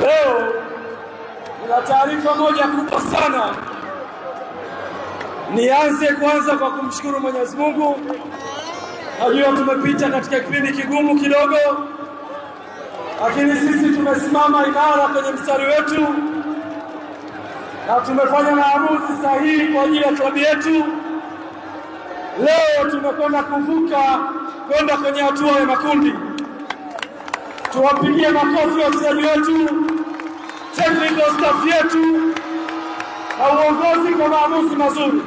Leo nina taarifa moja kubwa sana. Nianze kwanza kwa kumshukuru Mwenyezi Mungu. Najua tumepita katika kipindi kigumu kidogo, lakini sisi tumesimama imara kwenye mstari wetu na tumefanya maamuzi sahihi kwa ajili ya klabu yetu. Leo tumekwenda kuvuka kwenda kwenye hatua ya makundi. Tuwapigie makofi wachezaji wetu technical staff yetu na uongozi kwa maamuzi mazuri.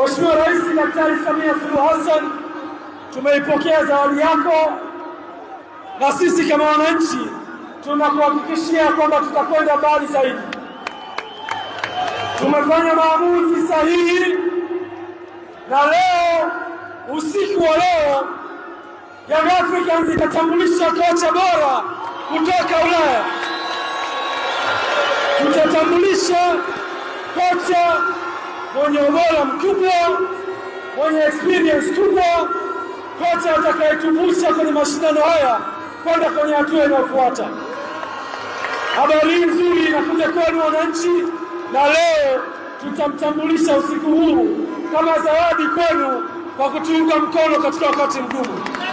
Mheshimiwa Rais Daktari Samia Suluhu Hassan, tumeipokea zawadi yako, na sisi kama wananchi tunakuhakikishia kwamba tutakwenda mbali zaidi. Tumefanya maamuzi sahihi, na leo usiku wa leo Young Africans itatambulisha kocha bora kutoka Ulaya kumtambulisha kocha mwenye ubora mkubwa, mwenye experience kubwa, kocha atakayetuvusha kwenye mashindano haya kwenda kwenye hatua inayofuata. Habari hii nzuri inakuja kwenu wananchi, na leo tutamtambulisha usiku huu kama zawadi kwenu kwa kutuunga mkono katika wakati mgumu.